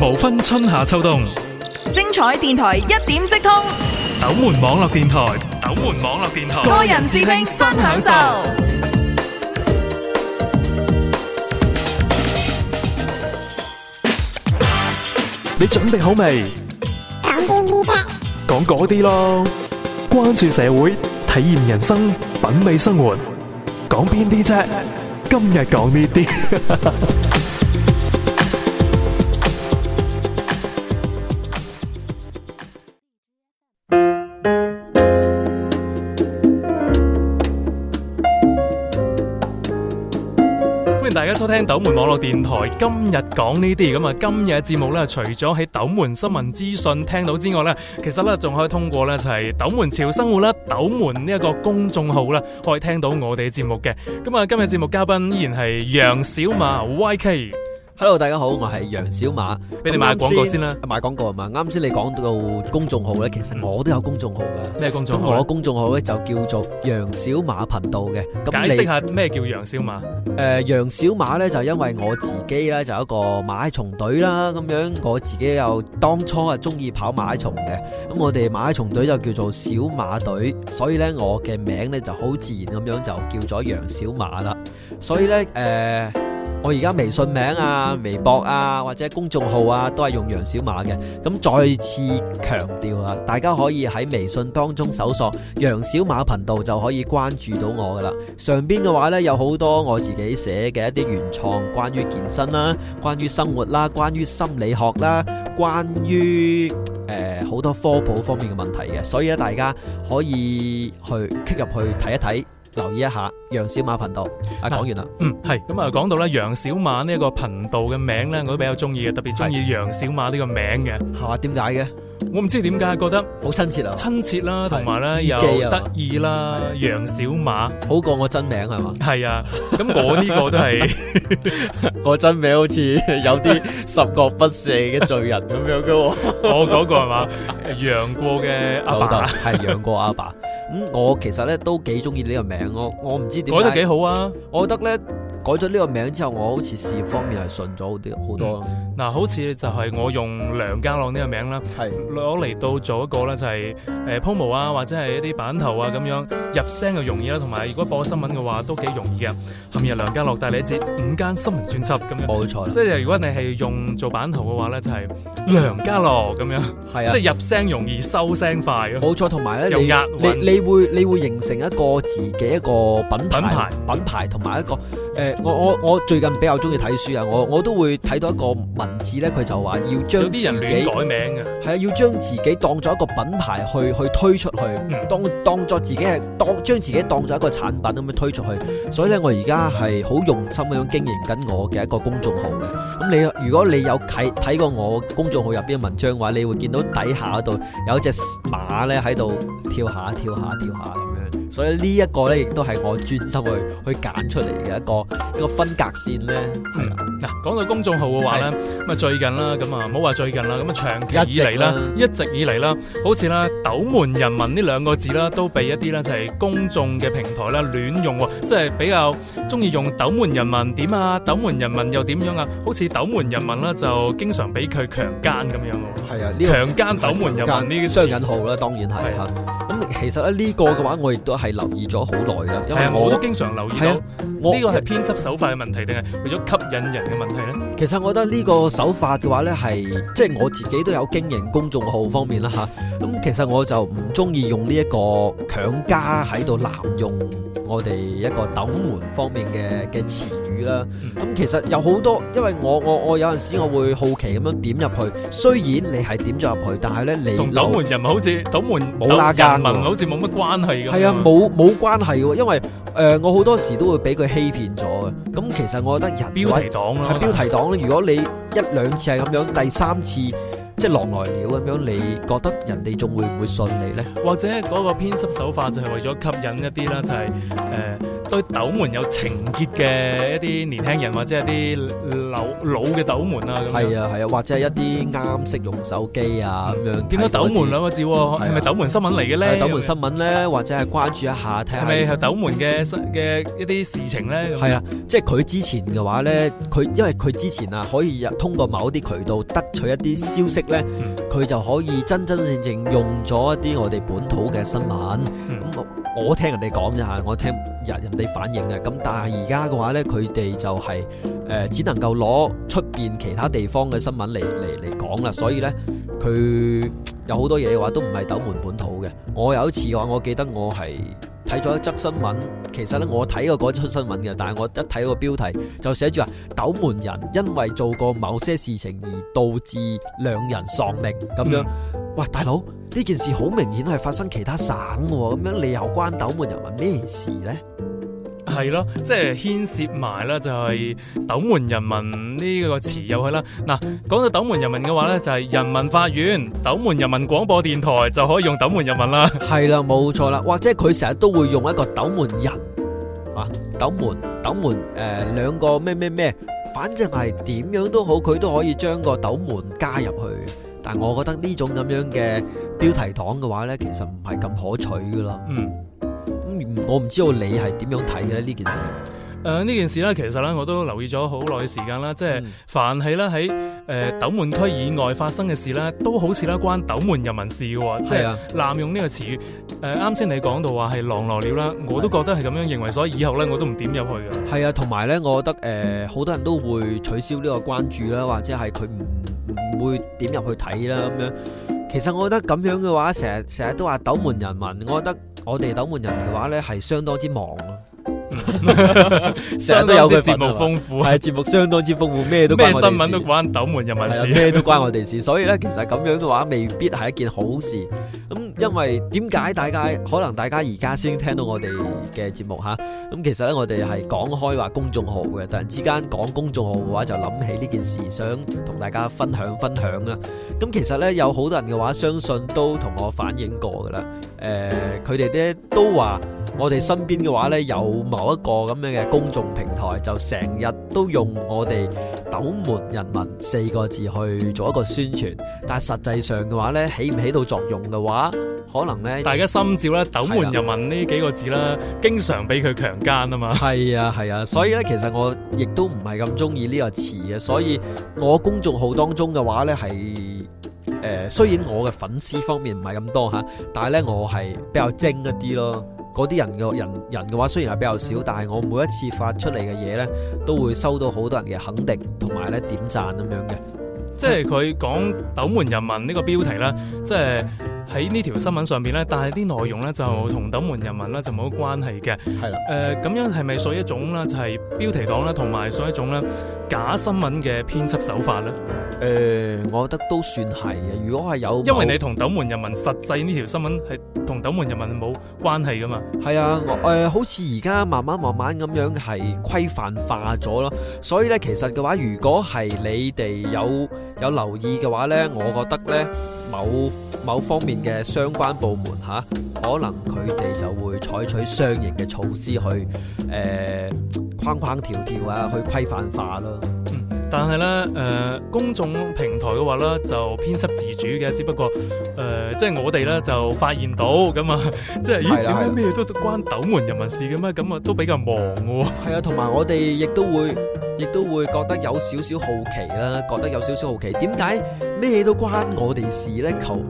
無分春夏秋冬，精彩電台一點即通。斗門網絡電台，斗門網絡電台，個人視聽，新享受。你準備好未？講邊啲啫？講嗰啲咯。關注社會，體驗人生，品味生活。講邊啲啫？今日講呢啲。歡迎大家收聽斗門網絡電台，今日講呢啲，咁啊今日嘅節目咧，除咗喺斗門新聞資訊聽到之外咧，其實咧仲可以通過咧就係斗門潮生活啦、斗門呢一個公眾號啦，可以聽到我哋嘅節目嘅。咁啊今日節目嘉賓依然係楊小馬 YK。Hello，大家好，我係楊小馬，俾你買廣告先啦，買廣告係嘛？啱先你講到公眾號咧，其實我都有公眾號㗎。咩、嗯、公眾號？我公眾號咧就叫做楊小馬頻道嘅。咁解釋下咩叫楊小馬？誒、呃，楊小馬咧就因為我自己咧就有一個馬拉松隊啦，咁樣我自己又當初啊中意跑馬拉松嘅，咁我哋馬拉松隊就叫做小馬隊，所以咧我嘅名咧就好自然咁樣就叫咗楊小馬啦。所以咧，誒、呃。我而家微信名啊、微博啊或者公眾號啊都係用楊小馬嘅，咁再次強調啊，大家可以喺微信當中搜索楊小馬頻道就可以關注到我噶啦。上邊嘅話咧有好多我自己寫嘅一啲原創，關於健身啦、啊、關於生活啦、啊、關於心理學啦、啊、關於誒好、呃、多科普方面嘅問題嘅，所以咧大家可以去 click 入去睇一睇。留意一下楊小馬頻道，啊，講是完啦，嗯係咁啊講到呢，楊小馬呢個頻道嘅名呢，我都比較中意，特別中意楊小馬呢個名嘅，係點解嘅？我唔知點解，覺得好親切啊！親切啦，同埋咧又得意啦，楊小馬好過我真名係嘛？係啊，咁我呢個都係 我真名，好似有啲十惡不赦嘅罪人咁樣嘅，哦。我嗰個係嘛？楊過嘅阿爸係楊過阿爸。咁 我其實咧都幾中意呢個名，啊，我我唔知點解，我覺得幾好啊！我覺得咧。改咗呢個名之後，我好似事業方面係順咗好啲好多。嗱，好似就係我用梁家樂呢個名啦，係攞嚟到做一個咧、就是，就係誒 promo 啊，或者係一啲版頭啊咁樣入聲就容易啦，同埋如果播新聞嘅話都幾容易嘅。今日梁家樂帶你一接五間新聞專輯咁樣，冇錯錯。即係如果你係用做版頭嘅話咧，就係、是、梁家樂咁樣，係啊的，即係入聲容易收聲快冇錯，同埋咧你你你會你會形成一個自己一個品牌品牌品牌同埋一個誒。呃我我我最近比較中意睇書啊！我我都會睇到一個文字呢，佢就話要將有啲人亂改名嘅，係啊，要將自己當作一個品牌去去推出去，當當作自己係當將自己當作一個產品咁樣推出去。所以呢，我而家係好用心咁樣經營緊我嘅一個公眾號嘅。咁你如果你有睇睇過我公眾號入邊嘅文章嘅話，你會見到底下度有一隻馬呢喺度跳下跳下跳下咁樣。所以呢一個咧，亦都係我專輯去去揀出嚟嘅一個一個分隔線咧，係啦、嗯。嗱、啊，講到公眾號嘅話咧，咁啊最近啦，咁啊唔好話最近啦，咁啊長期以嚟啦，一直，啦一直以嚟啦，好似啦「斗門人民」呢兩個字啦，都被一啲咧就係公眾嘅平台啦亂用喎、喔，即係比較中意用「斗門人民」點啊，「斗門人民」又點樣啊？好似「斗門人民」咧就經常俾佢強姦咁樣喎。係啊，這個、強姦「斗門人民」呢、啊這個雙引號啦，當然係嚇。咁、啊啊、其實咧呢個嘅話，我亦都。係留意咗好耐啦，因為我都經常留意到。呢個係編輯手法嘅問題，定係為咗吸引人嘅問題咧？其實我覺得呢個手法嘅話咧，係即係我自己都有經營公眾號方面啦嚇。咁其實我就唔中意用呢一個強加喺度濫用。我哋一個斗門方面嘅嘅詞語啦，咁、嗯、其實有好多，因為我我我有陣時我會好奇咁樣點入去，雖然你係點咗入去，但係咧你同斗門人民好似斗門冇拉近，人民好似冇乜關係嘅。係啊，冇冇、啊、關係嘅，因為誒、呃、我好多時都會俾佢欺騙咗嘅。咁其實我覺得人話標題黨啦，係標題黨咧。如果你一兩次係咁樣，第三次。即係落來了咁樣，你覺得人哋仲會唔會信你呢？或者嗰個編輯手法就係為咗吸引一啲啦，就係、是、誒。呃對斗門有情結嘅一啲年輕人，或者係一啲老老嘅斗門啊，係啊係啊，或者係一啲啱識用手機啊咁、嗯、樣到見到斗門兩個字，係咪、啊、斗門新聞嚟嘅呢？啊「斗門新聞呢，或者係關注一下睇下，係咪斗門嘅新嘅一啲事情呢？係啊，嗯、即係佢之前嘅話呢，佢、嗯、因為佢之前啊，可以通過某一啲渠道得取一啲消息呢，佢、嗯嗯、就可以真真正正、正、正用咗一啲我哋本土嘅新聞咁。嗯嗯我聽人哋講啫嚇，我聽人人哋反應嘅咁，但係而家嘅話呢，佢哋就係誒呃只能夠攞出邊其他地方嘅新聞嚟嚟嚟講啦，所以呢，佢有好多嘢嘅話都唔係斗門本土嘅。我有一次嘅話，我記得我係睇咗一則新聞，其實呢，我睇過嗰則新聞嘅，但係我一睇個標題就寫住話，斗門人因為做過某些事情而導致兩人喪命咁樣。嗯喂，大佬，呢件事好明顯係發生其他省嘅，咁樣你又關斗門人民咩事呢？係咯，即係牽涉埋啦，就係斗門人民呢個詞入去啦。嗱，講到斗門人民嘅話呢，就係人民法院、斗門人民廣播電台就可以用斗門人民啦。係啦，冇錯啦，或者佢成日都會用一個斗門人啊，斗門、斗門誒，兩個咩咩咩，反正係點樣都好，佢都可以將個斗門加入去。但我覺得呢種咁樣嘅標題黨嘅話咧，其實唔係咁可取㗎喇。嗯，嗯，咁我唔知道你係點樣睇嘅咧呢件事。誒，呢、呃、件事咧，其實咧，我都留意咗好耐嘅時間啦。即係、嗯、凡係咧喺誒斗門區以外發生嘅事咧，都好似咧關斗門人民事嘅喎。即係濫用呢個詞語。誒、呃，啱先你講到話係狼來了啦，我都覺得係咁樣認為，所以以後咧我都唔點入去嘅。係啊，同埋咧，我覺得誒好、呃、多人都會取消呢個關注啦，或者係佢唔唔會點入去睇啦咁樣。其實我覺得咁樣嘅話，成日成日都話斗門人民，我覺得我哋斗門人嘅話咧係相當之忙成日 都有佢節目豐富，係節目相當之豐富，咩都關新聞都關斗門人民事，咩都關我哋事， 事、， 啊、事，所以咧，其實咁樣嘅話，未必係一件好事咁。嗯因為點解大家可能大家而家先聽到我哋嘅節目吓？咁其實呢，我哋係講開話公眾號嘅，突然之間講公眾號嘅話，就諗起呢件事，想同大家分享分享啦。咁其實呢，有好多人嘅話，相信都同我反映過噶啦。誒，佢哋呢都話我哋身邊嘅話呢，有某一個咁樣嘅公眾平台，就成日都用我哋。斗門人民四個字去做一個宣傳，但係實際上嘅話呢，起唔起到作用嘅話，可能呢，大家心照咧，斗門人民呢幾個字啦，的經常俾佢強姦啊嘛，係啊係啊，所以呢，其實我亦都唔係咁中意呢個詞嘅，所以我公眾號當中嘅話呢，係，誒，雖然我嘅粉絲方面唔係咁多吓，但係呢，我係比較精一啲咯。嗰啲人嘅人人嘅話，雖然係比較少，但係我每一次發出嚟嘅嘢呢，都會收到好多人嘅肯定同埋呢點讚咁樣嘅。即係佢講《斗門人民》呢個標題呢，即係。喺呢條新聞上邊咧，但係啲內容咧就同斗門人民咧就冇關係嘅。係啦的，誒、呃，咁樣係咪屬於一種咧就係標題黨咧，同埋屬於一種咧假新聞嘅編輯手法咧？誒、呃，我覺得都算係嘅。如果係有，因為你同斗門人民實際呢條新聞係同斗門人民冇關係噶嘛？係啊，誒、呃，好似而家慢慢慢慢咁樣係規範化咗咯，所以咧其實嘅話，如果係你哋有。有留意嘅話呢，我覺得呢某某方面嘅相關部門嚇、啊，可能佢哋就會採取相應嘅措施去誒、呃、框框條條啊，去規範化咯。但係咧，誒、呃，公眾平台嘅話咧就編輯自主嘅，只不過誒、呃，即係我哋咧就發現到咁啊，即係點解咩都關斗門人民事嘅咩？咁啊都比較忙喎、哦。係啊，同埋我哋亦都會，亦都會覺得有少少好奇啦，覺得有少少好奇，點解咩都關我哋事咧？求，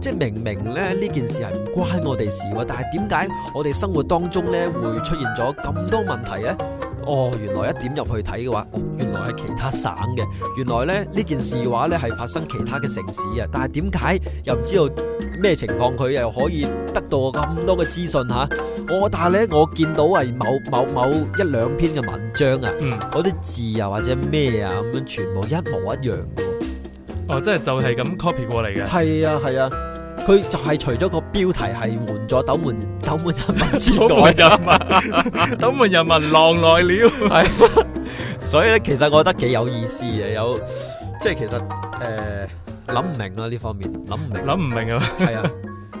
即係明明咧呢件事係唔關我哋事喎，但係點解我哋生活當中咧會出現咗咁多問題咧？哦，原來一點入去睇嘅話，哦，原來係其他省嘅。原來咧呢件事嘅話咧係發生其他嘅城市啊。但係點解又唔知道咩情況？佢又可以得到咁多嘅資訊吓？我但係咧，我見到係某某某一兩篇嘅文章啊，嗯，啊，嗰啲字啊或者咩啊咁樣全部一模一樣嘅。哦，即係就係咁 copy 過嚟嘅。係啊，係啊。佢就係除咗個標題係換咗斗門斗門人民之外，斗門人民狼來了。係 所以咧，其實我覺得幾有意思嘅，有即係其實誒諗唔明啦呢方面，諗唔明，諗唔明啊。係啊，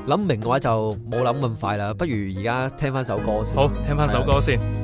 諗唔明嘅話就冇諗咁快啦，不如而家聽翻首歌先。好，啊、聽翻首歌先。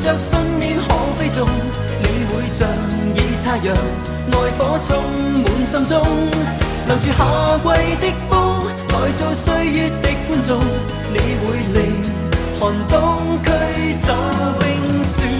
着信念可飛縱，你會像以太陽，愛火充滿心中。留住夏季的風，來做歲月的觀眾，你會令寒冬驅走冰雪。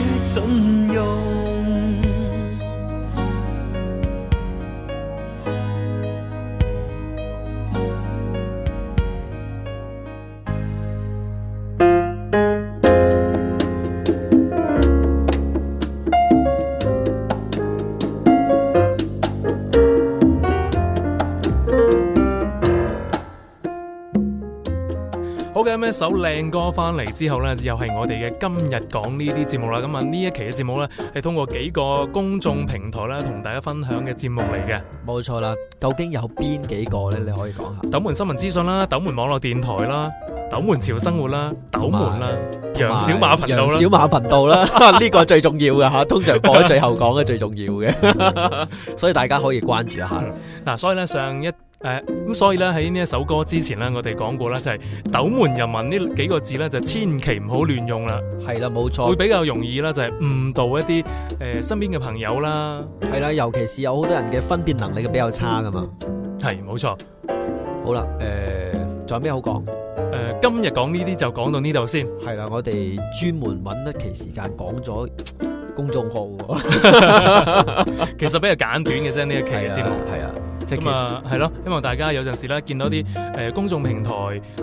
聽咩首靚歌翻嚟之後咧，又係我哋嘅今日講呢啲節目啦。咁啊，呢一期嘅節目咧係通過幾個公眾平台咧同大家分享嘅節目嚟嘅。冇錯啦，究竟有邊幾個咧？你可以講下。斗門新聞資訊啦，斗門網絡電台啦，斗門潮生活啦，斗門啦，楊小馬頻道啦，小馬頻道啦，呢個最重要嘅吓，通常播喺最後講嘅最重要嘅，所以大家可以關注一下。嗱，所以咧上一誒，咁、啊嗯、所以咧喺呢一首歌之前咧，我哋講過啦，就係、是、斗門人民呢幾個字咧就千祈唔好亂用啦。係啦、啊，冇錯，會比較容易啦，就係誤導一啲誒、呃、身邊嘅朋友啦。係啦、啊，尤其是有好多人嘅分辨能力比較差噶嘛。係，冇錯。好啦，誒、呃，仲有咩好講？誒、呃，今日講呢啲就講到呢度先。係啦、啊，我哋專門揾一期時間講咗公眾號， 其實比較簡短嘅啫呢一期嘅節目。係啊。咁啊，係咯，希望大家有陣時咧見到啲誒、呃、公眾平台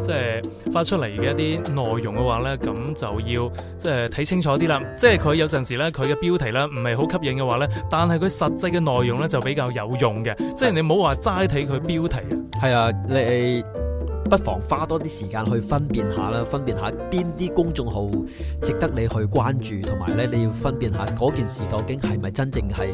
即係發出嚟嘅一啲內容嘅話咧，咁就要即係睇清楚啲啦。即係佢有陣時咧，佢嘅標題咧唔係好吸引嘅話咧，但係佢實際嘅內容咧就比較有用嘅。即係你唔好話齋睇佢標題啊。係啊，你。不妨花多啲時間去分辨下啦，分辨下邊啲公眾號值得你去關注，同埋咧你要分辨下嗰件事究竟係咪真正係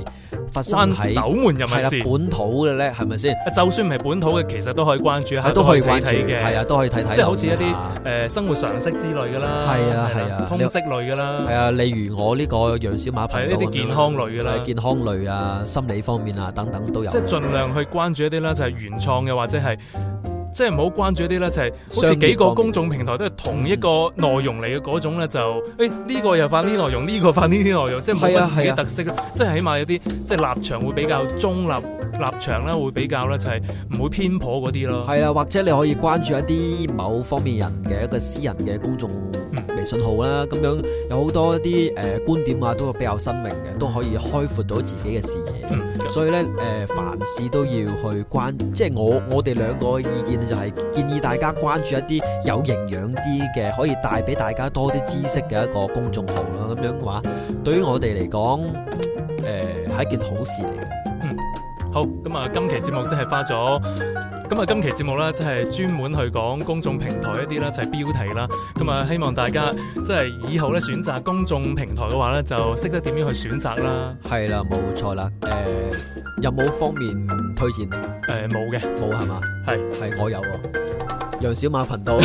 發生喺斗門本土嘅咧，係咪先？就算唔係本土嘅，其實都可以關注下，都可以關注嘅，係啊，都可以睇睇，即係好似一啲誒、嗯呃、生活常識之類噶啦，係啊係啊，啊通識類噶啦，係啊，啊，例如我呢個楊小馬頻道呢啲健康類啦、啊，健康類啊，心理方面啊等等都有，即係盡量去關注一啲啦，就係、是、原創嘅或者係。即係唔好關注一啲咧，就係、是、好似幾個公眾平台都係同一個內容嚟嘅嗰種咧，就誒呢、欸這個又發呢啲內容，呢、這個發呢啲內容，即係冇自己特色、啊啊、即係起碼有啲即係立場會比較中立。立場咧會比較咧就係唔會偏頗嗰啲咯，係啊，或者你可以關注一啲某方面人嘅一個私人嘅公眾微信號啦，咁、嗯、樣有好多啲誒、呃、觀點啊，都比較新穎嘅，都可以開闊到自己嘅視野。嗯、所以咧誒、呃，凡事都要去關，即係我我哋兩個嘅意見就係建議大家關注一啲有營養啲嘅，可以帶俾大家多啲知識嘅一個公眾號啦。咁樣嘅話，對於我哋嚟講誒係一件好事嚟嘅。好咁啊！今期節目真係花咗咁啊！今期節目咧，真係專門去講公眾平台一啲咧，就係、是、標題啦。咁啊、嗯，希望大家即係以後咧選擇公眾平台嘅話咧，就識得點樣去選擇啦。係、呃、啦，冇錯啦。誒，有冇方面推薦？誒、呃，冇嘅，冇係嘛？係係是我有，啊。楊小馬頻道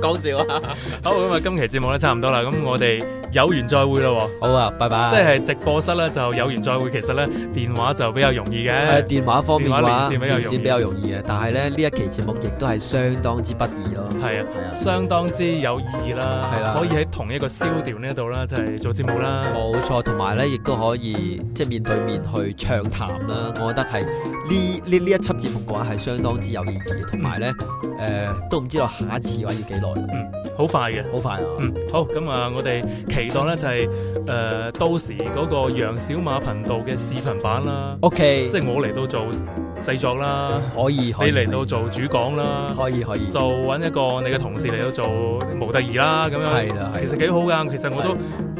講笑啊！ 好咁啊，今期節目咧差唔多啦。咁我哋。有緣再會啦，好啊，拜拜。即係直播室咧，就有緣再會。其實咧，電話就比較容易嘅。係、嗯、電話方面話，電話連線比較容易。嘅。但係咧，呢一期節目亦都係相當之不易咯。係啊，係啊，相當之有意義啦。係啦、嗯，啊、可以喺同一個消調、就是嗯、呢度啦，即係做節目啦。冇錯，同埋咧，亦都可以即係面對面去暢談啦。我覺得係呢呢呢一輯節目嘅話係相當之有意義，同埋咧誒都唔知道下一次嘅話要幾耐。嗯，好、嗯、快嘅，好、嗯、快啊。嗯，好。咁啊，我哋。期待咧就係誒，到時嗰個楊小馬頻道嘅視頻版啦，OK，即係我嚟到做製作啦，可以可以，你嚟到做主講啦，可以可以，就揾一個你嘅同事嚟到做模特兒啦，咁樣，係啦，其實幾好噶，其實我都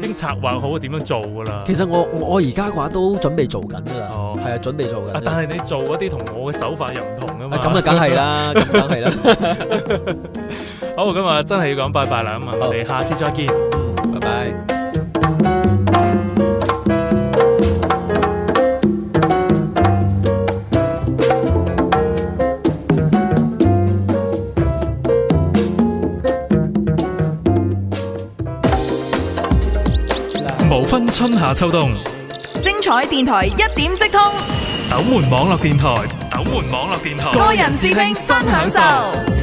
已經策劃好點樣做噶啦。其實我我而家嘅話都準備做緊噶啦，係啊，準備做嘅。但係你做嗰啲同我嘅手法又唔同噶嘛？咁啊，梗係啦，梗係啦。好，咁啊真係要講拜拜啦，咁啊，我哋下次再見。無分春夏秋冬，精彩電台一點即通，鬥門網絡電台，鬥門網絡電台，個人視聽新享受。